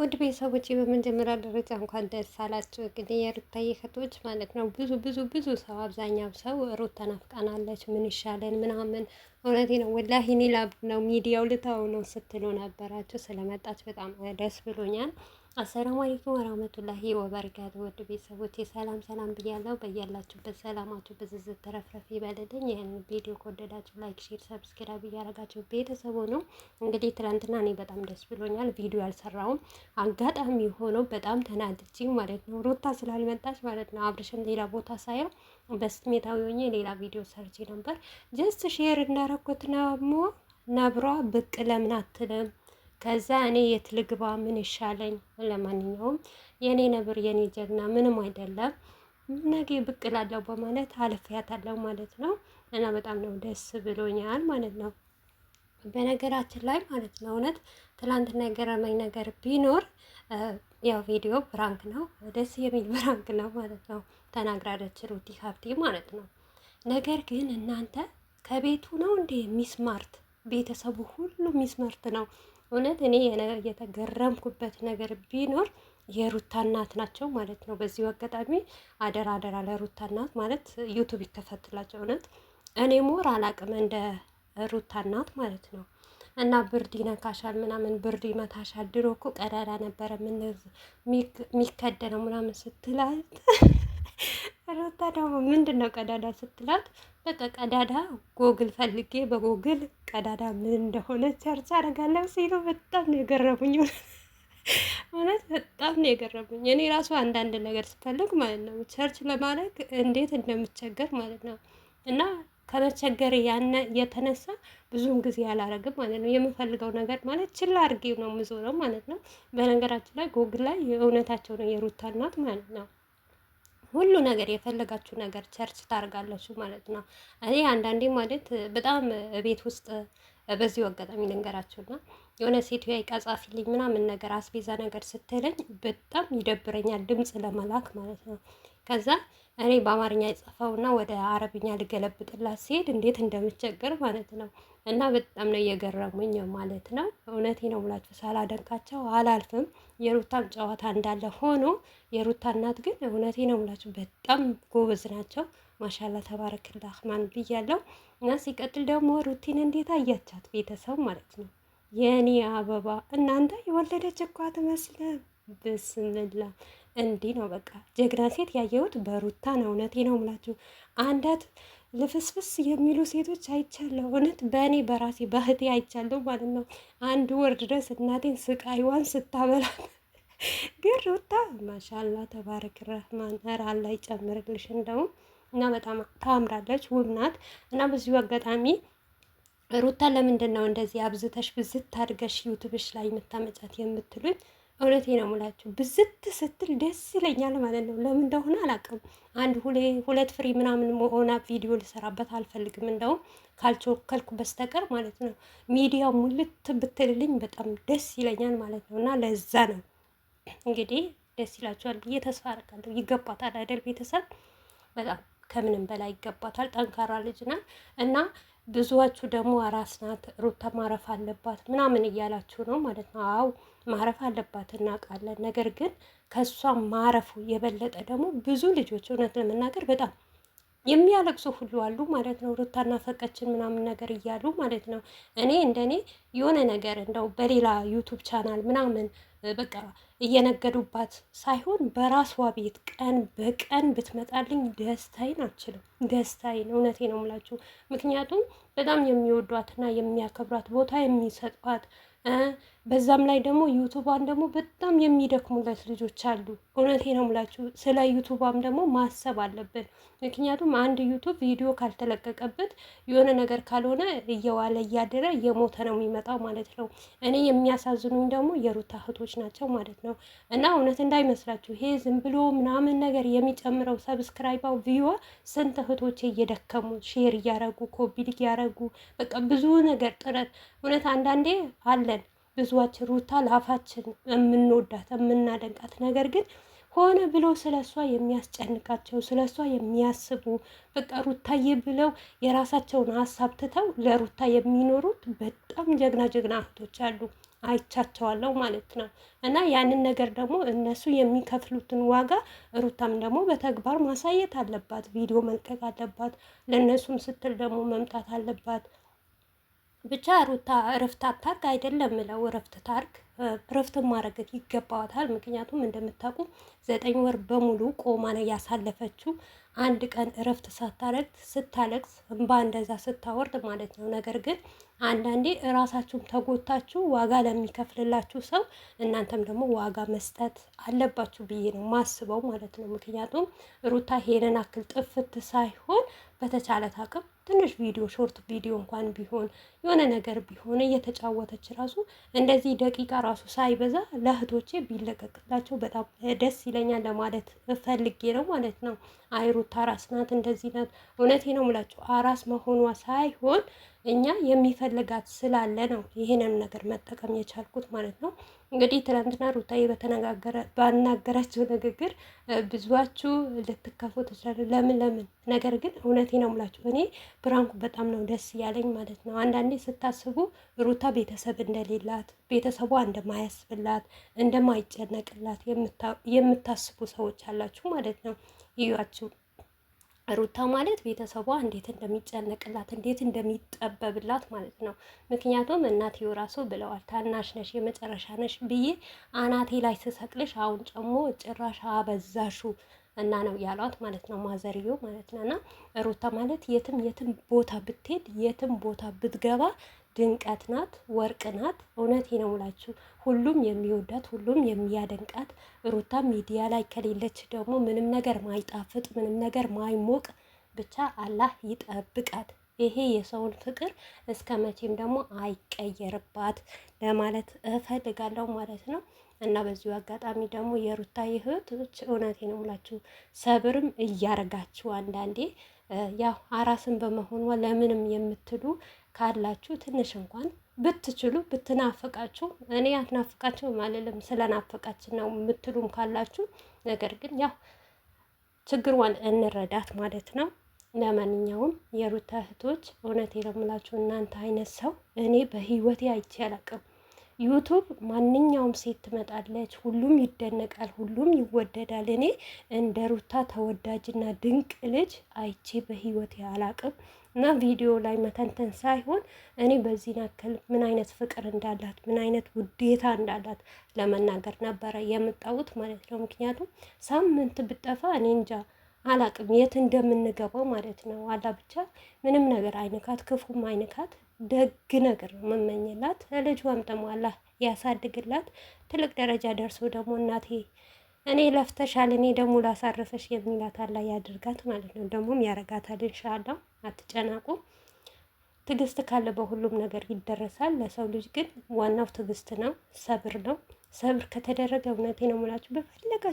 ውድ ቤተሰቦች በመጀመሪያ ደረጃ እንኳን ደስ አላችሁ። ግን የሩታዬ እህቶች ማለት ነው ብዙ ብዙ ብዙ ሰው አብዛኛው ሰው ሩታ ናፍቃናለች፣ ምን ይሻለን ምናምን። እውነቴ ነው ወላሂ እኔ ላብ ነው ሚዲያው ልታው ነው ስትሉ ነበራችሁ። ስለመጣች በጣም ደስ ብሎኛል። አሰላሙ አለይኩም ወራህመቱላሂ ወበረካቱ። ውድ ቤተሰቦቼ ሰላም ሰላም ብያለሁ። በያላችሁበት ሰላማችሁ ብዝዝት ተረፍረፍ ይበልልኝ። ይህን ቪዲዮ ከወደዳችሁ ላይክ፣ ሼር፣ ሰብስክራይብ እያደረጋችሁ ቤተሰቡ ነው። እንግዲህ ትናንትና እኔ በጣም ደስ ብሎኛል፣ ቪዲዮ አልሰራውም። አጋጣሚ ሆኖ በጣም ተናድጄ ማለት ነው፣ ሩታ ስላልመጣች ማለት ነው። አብርሽን ሌላ ቦታ ሳየው በስሜታዊ ሆኜ ሌላ ቪዲዮ ሰርቼ ነበር። ጀስት ሼር እንዳረኩት ነው። ነብሯ ብቅ ለምን አትልም ከዛ እኔ የት ልግባ? ምን ይሻለኝ? ለማንኛውም የእኔ ነብር የኔ ጀግና ምንም አይደለም ነገ ብቅ እላለሁ በማለት አልፌያታለሁ ማለት ነው። እና በጣም ነው ደስ ብሎኛል ማለት ነው። በነገራችን ላይ ማለት ነው እውነት ትላንትና የገረመኝ ነገር ቢኖር ያው ቪዲዮ ብራንክ ነው፣ ደስ የሚል ብራንክ ነው ማለት ነው። ተናግራለች ሩቲ ሀብቴ ማለት ነው። ነገር ግን እናንተ ከቤቱ ነው እንዴ ሚስማርት ቤተሰቡ ሁሉ ሚስማርት ነው እውነት እኔ የተገረምኩበት ነገር ቢኖር የሩታ እናት ናቸው ማለት ነው። በዚሁ አጋጣሚ አደራ አደራ ለሩታ እናት ማለት ዩቱብ ይከፈትላቸው። እውነት እኔ ሞር አላቅም እንደ ሩታ እናት ማለት ነው። እና ብርድ ይነካሻል ምናምን ብርድ ይመታሻል። ድሮ እኮ ቀዳዳ ነበረ ምን የሚከደነው ምናምን ስትላት ሩታ ደግሞ ምንድን ነው ቀዳዳ ስትላት፣ በቃ ቀዳዳ ጎግል ፈልጌ በጎግል ቀዳዳ ምን እንደሆነ ሰርች አደርጋለሁ ሲሉ በጣም ነው የገረሙኝ። በጣም ነው የገረሙኝ። እኔ ራሱ አንዳንድ ነገር ስፈልግ ማለት ነው ሰርች ለማድረግ እንዴት እንደምቸገር ማለት ነው እና ከመቸገር ያነ የተነሳ ብዙም ጊዜ አላረግም ማለት ነው። የምፈልገው ነገር ማለት ችላ አድርጌ ነው ምዞረው ማለት ነው። በነገራችን ላይ ጎግል ላይ እውነታቸው ነው የሩታ እናት ማለት ነው። ሁሉ ነገር የፈለጋችሁ ነገር ቸርች ታደርጋላችሁ ማለት ነው። እኔ አንዳንዴ ማለት በጣም ቤት ውስጥ በዚሁ አጋጣሚ ልንገራችሁና የሆነ ሴትዮዋ ዕቃ ጻፊልኝ ምናምን ነገር አስቤዛ ነገር ስትለኝ በጣም ይደብረኛል ድምፅ ለመላክ ማለት ነው። ከዛ እኔ በአማርኛ የጻፈውና ወደ አረብኛ ልገለብጥላት ሲሄድ እንዴት እንደምቸገር ማለት ነው። እና በጣም ነው እየገረሙኝ ማለት ነው። እውነቴ ነው ብላችሁ ሳላደንቃቸው አላልፍም። የሩታም ጨዋታ እንዳለ ሆኖ የሩታ እናት ግን እውነቴ ነው ብላችሁ በጣም ጎበዝ ናቸው። ማሻላ ተባረክላ ማን ብያለው። እና ሲቀጥል ደግሞ ሩቲን እንዴት አያቻት ቤተሰብ ማለት ነው። የእኔ አበባ እናንተ የወለደች እኳ ትመስለ ብስምላ እንዲህ ነው በቃ ጀግና ሴት ያየሁት በሩታ ነው። እውነቴ ነው ምላችሁ አንዳት ልፍስፍስ የሚሉ ሴቶች አይቻለሁ። እውነት በእኔ በራሴ ባህቴ አይቻለሁ ማለት ነው። አንድ ወር ድረስ እናቴን ስቃይዋን ስታበላት ግን ሩታ ማሻላ ተባረክ ረህማን ራል ላይ ጨምርልሽ እንደውም እና በጣም ታምራለች፣ ውብ ናት። እና በዚሁ አጋጣሚ ሩታ ለምንድን ነው እንደዚህ አብዝተሽ ብዝት ታድገሽ ዩቱብሽ ላይ የምታመጫት የምትሉኝ እውነቴ ነው የምላችሁ ብዝት ስትል ደስ ይለኛል ማለት ነው። ለምን እንደሆነ አላውቅም። አንድ ሁለት ፍሬ ምናምን ሆና ቪዲዮ ልሰራበት አልፈልግም። እንደውም ካልቸወከልኩ በስተቀር ማለት ነው። ሚዲያው ሙልት ብትልልኝ በጣም ደስ ይለኛል ማለት ነው። እና ለዛ ነው እንግዲህ ደስ ይላችኋል ብዬ ተስፋ አደርጋለሁ። ይገባታል አይደል? ቤተሰብ በጣም ከምንም በላይ ይገባታል። ጠንካራ ልጅ ናት እና ብዙዎቹ ደግሞ አራስ ናት ሩታ ማረፍ አለባት ምናምን እያላችሁ ነው ማለት ነው። አዎ ማረፍ አለባት እናውቃለን። ነገር ግን ከእሷ ማረፉ የበለጠ ደግሞ ብዙ ልጆች እውነት ለመናገር በጣም የሚያለቅሱ ሁሉ አሉ ማለት ነው። ሩታና ፈቀችን ምናምን ነገር እያሉ ማለት ነው። እኔ እንደኔ የሆነ ነገር እንደው በሌላ ዩቱብ ቻናል ምናምን በቃ እየነገዱባት ሳይሆን በራሷ ቤት ቀን በቀን ብትመጣልኝ ደስታዬን አልችልም። ደስታዬን እውነቴ ነው የምላችሁ። ምክንያቱም በጣም የሚወዷትና የሚያከብሯት ቦታ የሚሰጧት በዛም ላይ ደግሞ ዩቱቧን ደግሞ በጣም የሚደክሙለት ልጆች አሉ። እውነቴ ነው የምላችሁ። ስለ ዩቱቧም ደግሞ ማሰብ አለብን። ምክንያቱም አንድ ዩቱብ ቪዲዮ ካልተለቀቀበት የሆነ ነገር ካልሆነ እየዋለ እያደረ እየሞተ ነው የሚመጣው ማለት ነው። እኔ የሚያሳዝኑኝ ደግሞ የሩታ እህቶች ናቸው ማለት ነው። ነው። እና እውነት እንዳይመስላችሁ ይሄ ዝም ብሎ ምናምን ነገር የሚጨምረው ሰብስክራይባው ቪዋ ስንት እህቶቼ እየደከሙ ሼር እያረጉ ኮፒድ እያረጉ በቃ ብዙ ነገር ጥረት እውነት አንዳንዴ አለን ብዙዋችን ሩታ ላፋችን የምንወዳት የምናደንቃት ነገር ግን ሆነ ብሎ ስለ እሷ የሚያስጨንቃቸው ስለ እሷ የሚያስቡ በቃ ሩታዬ ብለው የራሳቸውን ሀሳብ ትተው ለሩታ የሚኖሩት በጣም ጀግና ጀግና እህቶች አሉ፣ አይቻቸዋለሁ ማለት ነው። እና ያንን ነገር ደግሞ እነሱ የሚከፍሉትን ዋጋ ሩታም ደግሞ በተግባር ማሳየት አለባት፣ ቪዲዮ መልቀቅ አለባት፣ ለእነሱም ስትል ደግሞ መምጣት አለባት። ብቻ ሩታ እረፍት አታርግ አይደለም እለው እረፍት ታርግ እረፍትን ማድረግ ይገባታል ምክንያቱም እንደምታውቁ ዘጠኝ ወር በሙሉ ቆማ ነው ያሳለፈችው። አንድ ቀን እረፍት ሳታረግ ስታለቅስ እንባ እንደዛ ስታወርድ ማለት ነው። ነገር ግን አንዳንዴ እራሳችሁም ተጎታችሁ ዋጋ ለሚከፍልላችሁ ሰው እናንተም ደግሞ ዋጋ መስጠት አለባችሁ ብዬ ነው ማስበው ማለት ነው። ምክንያቱም ሩታ ሄደን አክል ጥፍት ሳይሆን በተቻለት አቅም ትንሽ ቪዲዮ ሾርት ቪዲዮ እንኳን ቢሆን የሆነ ነገር ቢሆን እየተጫወተች ራሱ እንደዚህ ደቂቃ ራሱ ሳይበዛ ለእህቶቼ ቢለቀቅላቸው በጣም ደስ ይለኛል ለማለት ፈልጌ ነው ማለት ነው። አይሩት አራስ ናት፣ እንደዚህ ናት። እውነቴ ነው ምላቸው አራስ መሆኗ ሳይሆን እኛ የሚፈልጋት ስላለ ነው ይህንን ነገር መጠቀም የቻልኩት ማለት ነው። እንግዲህ ትናንትና ሩታዬ በተነጋገረ ባናገራቸው ንግግር ብዙዋችሁ ልትከፉ ትችላሉ። ለምን ለምን ነገር ግን እውነቴ ነው ምላችሁ እኔ ብራንኩ በጣም ነው ደስ እያለኝ ማለት ነው። አንዳንዴ ስታስቡ ሩታ ቤተሰብ እንደሌላት፣ ቤተሰቧ እንደማያስብላት፣ እንደማይጨነቅላት የምታስቡ ሰዎች አላችሁ ማለት ነው። ይዩአችሁ ሩታ ማለት ቤተሰቧ እንዴት እንደሚጨነቅላት እንዴት እንደሚጠበብላት ማለት ነው። ምክንያቱም እናቴ ራሱ ብለዋል፣ ታናሽ ነሽ፣ የመጨረሻ ነሽ ብዬ አናቴ ላይ ስሰቅልሽ፣ አሁን ጨሞ ጭራሽ አበዛሹ እና ነው ያሏት ማለት ነው፣ ማዘርዮ ማለት ነው። እና ሩታ ማለት የትም የትም ቦታ ብትሄድ የትም ቦታ ብትገባ ድንቀት ናት፣ ወርቅ ናት። እውነቴ ነው ሙላችሁ ሁሉም የሚወዳት ሁሉም የሚያደንቃት ሩታ ሚዲያ ላይ ከሌለች ደግሞ ምንም ነገር ማይጣፍጥ ምንም ነገር ማይሞቅ ብቻ አላህ ይጠብቃት። ይሄ የሰውን ፍቅር እስከ መቼም ደግሞ አይቀየርባት ለማለት እፈልጋለሁ ማለት ነው። እና በዚሁ አጋጣሚ ደግሞ የሩታ እህቶች እውነቴ ነው ሙላችሁ ሰብርም እያረጋችሁ አንዳንዴ ያው አራስን በመሆኗ ለምንም የምትሉ ካላችሁ ትንሽ እንኳን ብትችሉ ብትናፈቃችሁ፣ እኔ አትናፍቃችሁም አልልም፣ ስለናፈቃችን ነው የምትሉም ካላችሁ ነገር ግን ያው ችግሯን እንረዳት ማለት ነው። ለማንኛውም የሩታ እህቶች እውነት የለምላችሁ እናንተ አይነት ሰው እኔ በህይወቴ አይቼ አላቅም። ዩቱብ ማንኛውም ሴት ትመጣለች፣ ሁሉም ይደነቃል፣ ሁሉም ይወደዳል። እኔ እንደ ሩታ ተወዳጅና ድንቅ ልጅ አይቼ በህይወቴ አላቅም። እና ቪዲዮ ላይ መተንተን ሳይሆን እኔ በዚህ ያክል ምን አይነት ፍቅር እንዳላት ምን አይነት ውዴታ እንዳላት ለመናገር ነበረ የምጣውት ማለት ነው። ምክንያቱም ሳምንት ብጠፋ እኔ እንጃ አላቅም የት እንደምንገባው ማለት ነው። አላ ብቻ ምንም ነገር አይንካት፣ ክፉም አይንካት፣ ደግ ነገር ነው መመኝላት። ልጇም ደግሞ አላህ ያሳድግላት፣ ትልቅ ደረጃ ደርሶ ደግሞ እናቴ እኔ ለፍተሻል፣ እኔ ደግሞ ላሳረፈሽ የሚላት አላ ያድርጋት ማለት ነው። ደግሞም ያረጋታል እንሻላ አትጨናቁ። ትዕግስት ካለ በሁሉም ነገር ይደረሳል። ለሰው ልጅ ግን ዋናው ትዕግስት ነው፣ ሰብር ነው። ሰብር ከተደረገ እውነቴ ነው የምላችሁ በፈለገ